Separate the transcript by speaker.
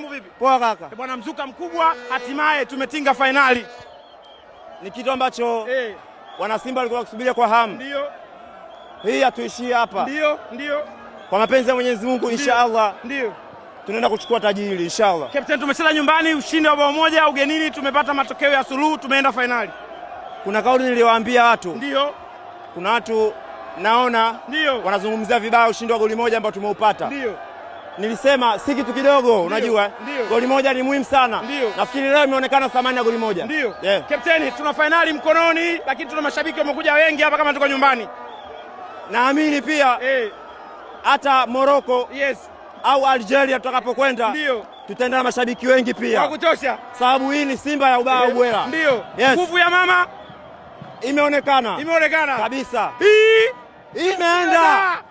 Speaker 1: mambo vipi? Poa kaka. Eh, bwana mzuka mkubwa, hatimaye tumetinga fainali.
Speaker 2: Ni kitu ambacho hey, eh. wana Simba walikuwa wakisubiria kwa hamu. Ndio. Hii hatuishii hapa.
Speaker 1: Ndio, ndio.
Speaker 2: Kwa mapenzi ya Mwenyezi Mungu inshaallah. Ndio. Tunaenda kuchukua taji hili inshallah.
Speaker 1: Captain, tumecheza nyumbani ushindi wa bao moja, ugenini tumepata matokeo ya suluhu, tumeenda fainali.
Speaker 2: Kuna kauli niliwaambia watu. Ndio. Kuna watu naona wanazungumzia vibaya ushindi wa goli moja ambao tumeupata. Ndio nilisema si kitu kidogo, unajua goli moja ni muhimu sana. Nafikiri leo imeonekana thamani ya goli moja.
Speaker 1: Ndio. Yeah. Kapteni, tuna fainali mkononi, lakini tuna mashabiki wamekuja wengi hapa kama tuko nyumbani.
Speaker 2: Naamini pia eh. hata hey, Moroko yes, au Algeria tutakapokwenda tutaenda na mashabiki wengi pia kwa kutosha, sababu hii ni Simba ya ubao eh. bwela. Ndio. Yes. Nguvu ya mama imeonekana, imeonekana kabisa, hii imeenda